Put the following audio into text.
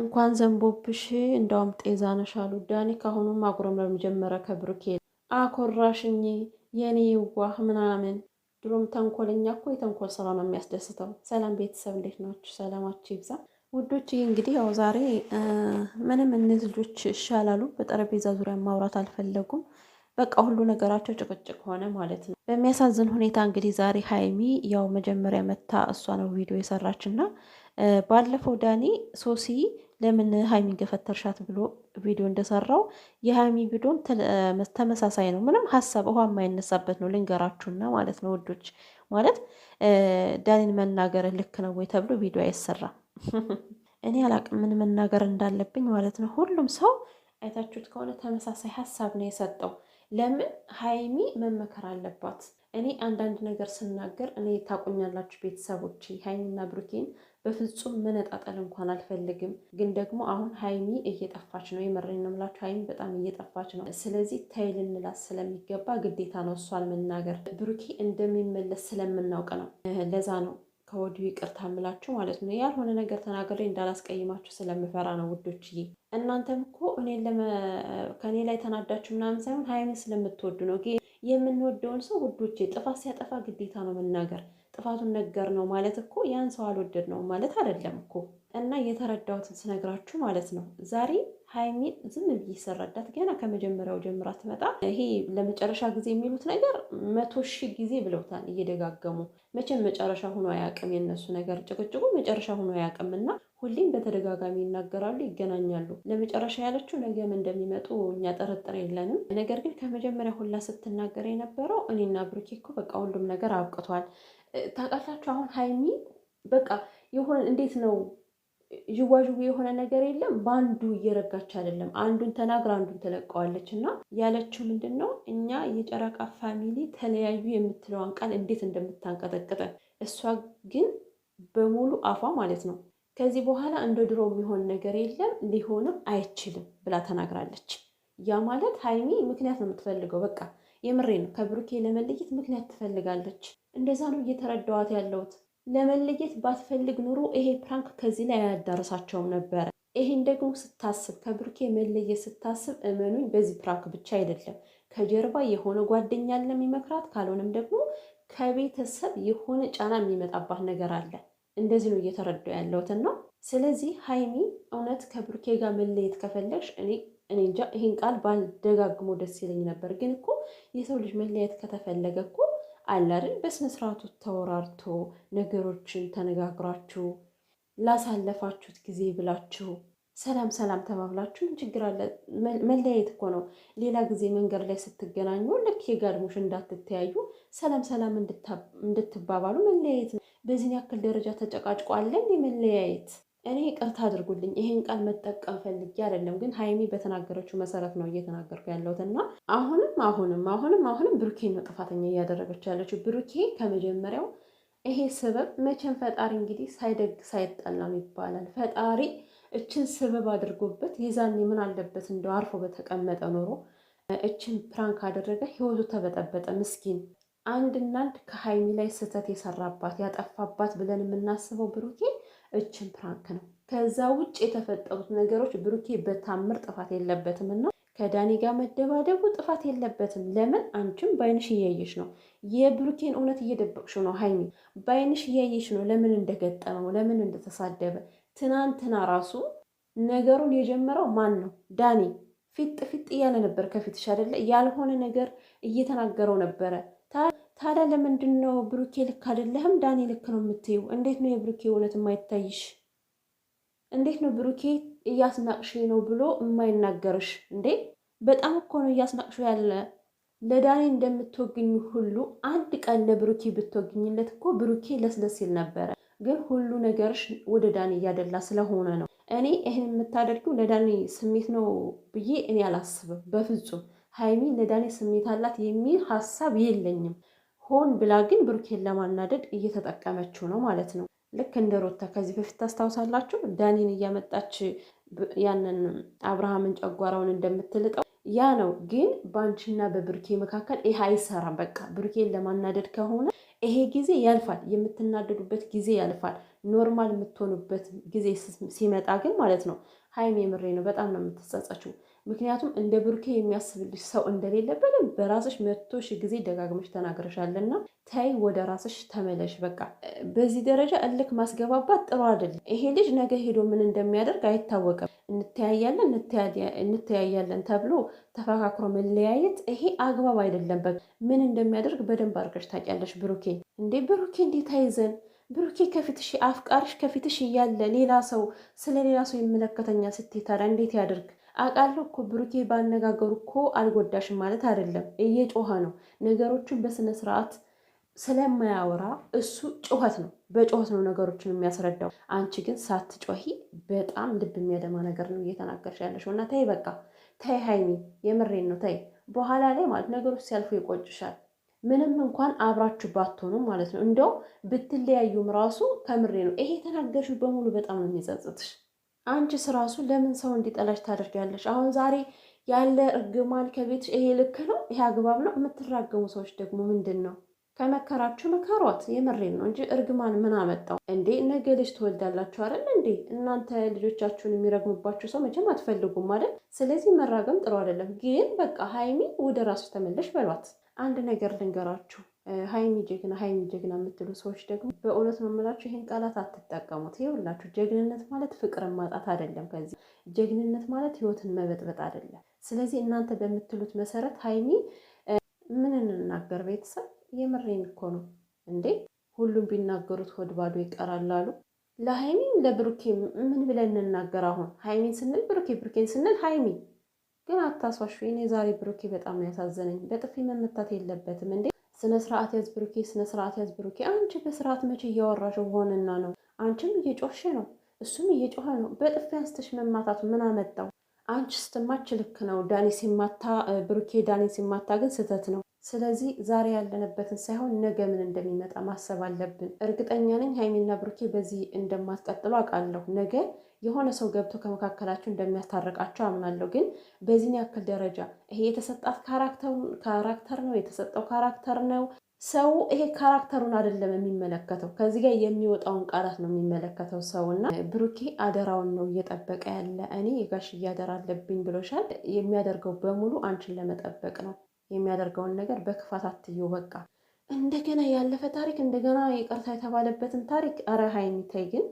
እንኳን ዘንቦብሽ እንደውም ጤዛ ነሽ አሉ ዳኒ። ካሁኑም ማጉረምረም ጀመረ ከብሩኬ አኮራሽኝ የኔ ዋህ ምናምን። ድሮም ተንኮለኛ እኮ የተንኮል ስራ ነው የሚያስደስተው። ሰላም ቤተሰብ እንዴት ናችሁ? ሰላማችሁ ይብዛ ውዶች። እንግዲህ ያው ዛሬ ምንም እነዚህ ልጆች ይሻላሉ። በጠረጴዛ ዙሪያ ማውራት አልፈለጉም። በቃ ሁሉ ነገራቸው ጭቅጭቅ ሆነ ማለት ነው። በሚያሳዝን ሁኔታ እንግዲህ ዛሬ ሀይሚ ያው መጀመሪያ መታ እሷ ነው ቪዲዮ የሰራች እና ባለፈው ዳኒ ሶሲ ለምን ሀይሚ ገፈተርሻት ብሎ ቪዲዮ እንደሰራው የሀይሚ ቪዲዮም ተመሳሳይ ነው። ምንም ሀሳብ ውሃ የማይነሳበት ነው። ልንገራችሁና ማለት ነው ውዶች፣ ማለት ዳኒን መናገር ልክ ነው ወይ ተብሎ ቪዲዮ አይሰራም። እኔ አላቅም ምን መናገር እንዳለብኝ ማለት ነው። ሁሉም ሰው አይታችሁት ከሆነ ተመሳሳይ ሀሳብ ነው የሰጠው። ለምን ሀይሚ መመከር አለባት። እኔ አንዳንድ ነገር ስናገር እኔ ታቆኛላችሁ ቤተሰቦች ሀይሚና ብሩኬን በፍጹም መነጣጠል እንኳን አልፈልግም። ግን ደግሞ አሁን ሀይሚ እየጠፋች ነው። የመረኝ ነው የምላችሁ ሀይሚ በጣም እየጠፋች ነው። ስለዚህ ተይ ልንላት ስለሚገባ ግዴታ ነው እሷን መናገር። ብሩኬ እንደሚመለስ ስለምናውቅ ነው። ለዛ ነው ከወዲሁ ይቅርታ ምላችሁ ማለት ነው። ያልሆነ ነገር ተናግሬ እንዳላስቀይማችሁ ስለምፈራ ነው ውዶችዬ። እናንተም እኮ እኔን ከእኔ ላይ ተናዳችሁ ምናምን ሳይሆን ሀይሚን ስለምትወዱ ነው። የምንወደውን ሰው ውዶቼ ጥፋት ሲያጠፋ ግዴታ ነው መናገር ጥፋቱን ነገር ነው ማለት እኮ ያን ሰው አልወደድ ነው ማለት አይደለም እኮ። እና የተረዳሁትን ስነግራችሁ ማለት ነው ዛሬ ሀይሚን ዝም ብዬ ገና ከመጀመሪያው ጀምራ ትመጣ ይሄ ለመጨረሻ ጊዜ የሚሉት ነገር መቶ ሺህ ጊዜ ብለውታል እየደጋገሙ። መቼም መጨረሻ ሆኖ አያውቅም የነሱ ነገር፣ ጭቅጭቁ መጨረሻ ሆኖ አያውቅም እና ሁሌም በተደጋጋሚ ይናገራሉ፣ ይገናኛሉ። ለመጨረሻ ያለችው ነገም እንደሚመጡ እኛ ጥርጥር የለንም። ነገር ግን ከመጀመሪያ ሁላ ስትናገር የነበረው እኔና ብሩኬ እኮ በቃ ሁሉም ነገር አብቅቷል ታውቃላችሁ። አሁን ሀይሚ በቃ የሆነ እንዴት ነው ዥዋዥዌ የሆነ ነገር የለም። በአንዱ እየረጋች አይደለም። አንዱን ተናግራ አንዱን ትለቀዋለች። እና ያለችው ምንድን ነው እኛ የጨረቃ ፋሚሊ ተለያዩ የምትለዋን ቃል እንዴት እንደምታንቀጠቅጠን እሷ ግን በሙሉ አፏ ማለት ነው ከዚህ በኋላ እንደ ድሮ የሚሆን ነገር የለም ሊሆንም አይችልም ብላ ተናግራለች። ያ ማለት ሀይሚ ምክንያት ነው የምትፈልገው በቃ የምሬ ነው። ከብሩኬ ለመለየት ምክንያት ትፈልጋለች። እንደዛ ነው እየተረዳዋት ያለሁት። ለመለየት ባትፈልግ ኑሮ ይሄ ፕራንክ ከዚህ ላይ አያዳረሳቸውም ነበረ። ይሄን ደግሞ ስታስብ፣ ከብሩኬ መለየት ስታስብ፣ እመኑኝ በዚህ ፕራንክ ብቻ አይደለም ከጀርባ የሆነ ጓደኛ አለ የሚመክራት፣ ካልሆነም ደግሞ ከቤተሰብ የሆነ ጫና የሚመጣባት ነገር አለ። እንደዚህ ነው እየተረዳው ያለሁትን ነው። ስለዚህ ሀይሚ እውነት ከብሩኬ ጋር መለየት ከፈለግሽ እኔ እኔ እንጃ ይህን ቃል ባልደጋግሞ ደስ ይለኝ ነበር። ግን እኮ የሰው ልጅ መለያየት ከተፈለገ እኮ አለ አይደል በስነ ስርዓቱ ተወራርቶ ነገሮችን ተነጋግራችሁ ላሳለፋችሁት ጊዜ ብላችሁ ሰላም ሰላም ተባብላችሁ ምን ችግር አለ? መለያየት እኮ ነው። ሌላ ጊዜ መንገድ ላይ ስትገናኙ ልክ የጋድሞሽ እንዳትተያዩ ሰላም ሰላም እንድትባባሉ መለያየት ነው። በዚህን ያክል ደረጃ ተጨቃጭቋለን የመለያየት እኔ ይቅርታ አድርጉልኝ ይሄን ቃል መጠቀም ፈልጌ አይደለም፣ ግን ሀይሚ በተናገረችው መሰረት ነው እየተናገርኩ ያለሁት እና አሁንም አሁንም አሁንም አሁንም ብሩኬን ነው ጥፋተኛ እያደረገች ያለችው። ብሩኬ ከመጀመሪያው ይሄ ስበብ መቼም ፈጣሪ እንግዲህ ሳይደግ ሳይጠላም ይባላል። ፈጣሪ እችን ስበብ አድርጎበት የዛኔ ምን አለበት እንደው አርፎ በተቀመጠ ኖሮ እችን ፕራንክ አደረገ፣ ህይወቱ ተበጠበጠ። ምስኪን አንድ እናንድ ከሀይሚ ላይ ስህተት የሰራባት ያጠፋባት ብለን የምናስበው ብሩኬ እችን ፕራንክ ነው። ከዛ ውጭ የተፈጠሩት ነገሮች ብሩኬ በታምር ጥፋት የለበትም እና ከዳኒ ጋር መደባደቡ ጥፋት የለበትም። ለምን አንቺም ባይንሽ እያየሽ ነው፣ የብሩኬን እውነት እየደበቅሽው ነው ሀይሚ። በአይንሽ እያየሽ ነው ለምን እንደገጠመው ለምን እንደተሳደበ። ትናንትና ራሱ ነገሩን የጀመረው ማን ነው? ዳኒ ፊጥ ፊጥ እያለ ነበር ከፊትሽ አይደለ? ያልሆነ ነገር እየተናገረው ነበረ ታዲያ ለምንድን ነው ብሩኬ ልክ አይደለህም፣ ዳኒ ልክ ነው የምትይው? እንዴት ነው የብሩኬ እውነት የማይታይሽ? እንዴት ነው ብሩኬ እያስናቅሽ ነው ብሎ የማይናገርሽ? እንዴ በጣም እኮ ነው እያስናቅሽ ያለ። ለዳኒ እንደምትወግኝ ሁሉ አንድ ቀን ለብሩኬ ብትወግኝለት እኮ ብሩኬ ለስለስ ይል ነበረ። ግን ሁሉ ነገርሽ ወደ ዳኒ እያደላ ስለሆነ ነው። እኔ ይህን የምታደርጊው ለዳኒ ስሜት ነው ብዬ እኔ አላስብም በፍጹም። ሀይሚ ለዳኒ ስሜት አላት የሚል ሀሳብ የለኝም። ሆን ብላ ግን ብሩኬን ለማናደድ እየተጠቀመችው ነው ማለት ነው። ልክ እንደ ሮታ ከዚህ በፊት ታስታውሳላችሁ፣ ዳኒን እያመጣች ያንን አብርሃምን ጨጓራውን እንደምትልጠው ያ ነው። ግን በአንቺና በብሩኬ መካከል ይህ አይሰራም። በቃ ብሩኬን ለማናደድ ከሆነ ይሄ ጊዜ ያልፋል፣ የምትናደዱበት ጊዜ ያልፋል። ኖርማል የምትሆኑበት ጊዜ ሲመጣ ግን ማለት ነው ሀይሚ፣ የምሬ ነው በጣም ነው የምትጸጸችው። ምክንያቱም እንደ ብሩኬ የሚያስብልሽ ሰው እንደሌለ በደንብ በራስሽ መቶ ሺ ጊዜ ደጋግመሽ ተናግረሻለና ተይ ወደ ራስሽ ተመለሽ። በቃ በዚህ ደረጃ እልክ ማስገባባት ጥሩ አይደለም። ይሄ ልጅ ነገ ሄዶ ምን እንደሚያደርግ አይታወቅም። እንተያያለን እንተያያለን ተብሎ ተፈካክሮ መለያየት ይሄ አግባብ አይደለም። በቃ ምን እንደሚያደርግ በደንብ አድርገሽ ታውቂያለሽ። ብሩኬ እንዴ ብሩኬ እንዴ ታይዘን ብሩኬ ከፊትሽ አፍቃሪሽ ከፊትሽ እያለ ሌላ ሰው ስለ ሌላ ሰው ይመለከተኛ ስትታዳ እንዴት ያደርግ? አውቃለሁ እኮ ብሩኬ ባነጋገሩ እኮ አልጎዳሽም ማለት አይደለም። እየጮኸ ነው ነገሮችን በስነ ስርዓት ስለማያወራ እሱ ጩኸት ነው፣ በጩኸት ነው ነገሮችን የሚያስረዳው። አንቺ ግን ሳትጮሂ በጣም ልብ የሚያደማ ነገር ነው እየተናገርሽ ያለሽው። እና ተይ በቃ ተይ ሀይሚ፣ የምሬን ነው ተይ። በኋላ ላይ ማለት ነገሮች ሲያልፉ ይቆጭሻል። ምንም እንኳን አብራችሁ ባትሆኑ ማለት ነው፣ እንደው ብትለያዩም ራሱ ከምሬ ነው ይሄ የተናገርሽ በሙሉ በጣም ነው የሚጸጽትሽ። አንቺስ ራሱ ለምን ሰው እንዲጠላሽ ታደርጋለሽ? አሁን ዛሬ ያለ እርግማን ከቤት ይሄ ልክ ነው፣ ይሄ አግባብ ነው የምትራገሙ ሰዎች ደግሞ ምንድን ነው ከመከራችሁ መከሯት። የምሬን ነው እንጂ እርግማን ምን አመጣው እንዴ? ነገ ልጅ ትወልዳላችሁ አይደል እንዴ? እናንተ ልጆቻችሁን የሚረግሙባችሁ ሰው መቼም አትፈልጉም አይደል? ስለዚህ መራገም ጥሩ አይደለም። ግን በቃ ሀይሚ ወደ ራሱ ተመለሽ በሏት። አንድ ነገር ልንገራችሁ ሀይሚ ጀግና ሀይሚ ጀግና የምትሉ ሰዎች ደግሞ በእውነት ነው የምላችሁ፣ ይህን ቃላት አትጠቀሙት። ይኸውላችሁ ጀግንነት ማለት ፍቅርን ማጣት አይደለም። ከዚህ ጀግንነት ማለት ህይወትን መበጥበጥ አይደለም። ስለዚህ እናንተ በምትሉት መሰረት ሀይሚ ምን እንናገር? ቤተሰብ የምሬን እኮ ነው እንዴ! ሁሉም ቢናገሩት ሆድ ባዶ ይቀራል አሉ። ለብሩኬ ምን ብለን እንናገር? አሁን ሀይሚን ስንል ብሩኬ፣ ብሩኬን ስንል ሀይሚ ግን አታሷሹ። እኔ ዛሬ ብሩኬ በጣም ያሳዘነኝ። በጥፊ መመታት የለበትም እንዴ! ስነ ስርዓት ያዝ ብሩኬ፣ ስነ ስርዓት ያዝ ብሩኬ። አንቺ በስርዓት መቼ እያወራሽ ሆንና ነው? አንቺም እየጮሽ ነው፣ እሱም እየጮኸ ነው። በጥፊ አንስተሽ መማታቱ ምን አመጣው? አንቺ ስትማች ልክ ነው ዳኒ ሲማታ ብሩኬ፣ ዳኒ ሲማታ ግን ስህተት ነው። ስለዚህ ዛሬ ያለንበትን ሳይሆን ነገ ምን እንደሚመጣ ማሰብ አለብን። እርግጠኛ ነኝ ሀይሚና ብሩኬ በዚህ እንደማትቀጥሉ አውቃለሁ ነገ የሆነ ሰው ገብቶ ከመካከላቸው እንደሚያስታርቃቸው አምናለሁ። ግን በዚህን ያክል ደረጃ ይሄ የተሰጣት ካራክተር ነው የተሰጠው ካራክተር ነው። ሰው ይሄ ካራክተሩን አይደለም የሚመለከተው፣ ከዚህ ጋር የሚወጣውን ቃላት ነው የሚመለከተው ሰው እና ብሩኬ አደራውን ነው እየጠበቀ ያለ። እኔ የጋሽ አደራ አለብኝ ብሎሻል። የሚያደርገው በሙሉ አንቺን ለመጠበቅ ነው። የሚያደርገውን ነገር በክፋት አትየው። በቃ እንደገና ያለፈ ታሪክ እንደገና ይቅርታ የተባለበትን ታሪክ ኧረ የሚታይ ግን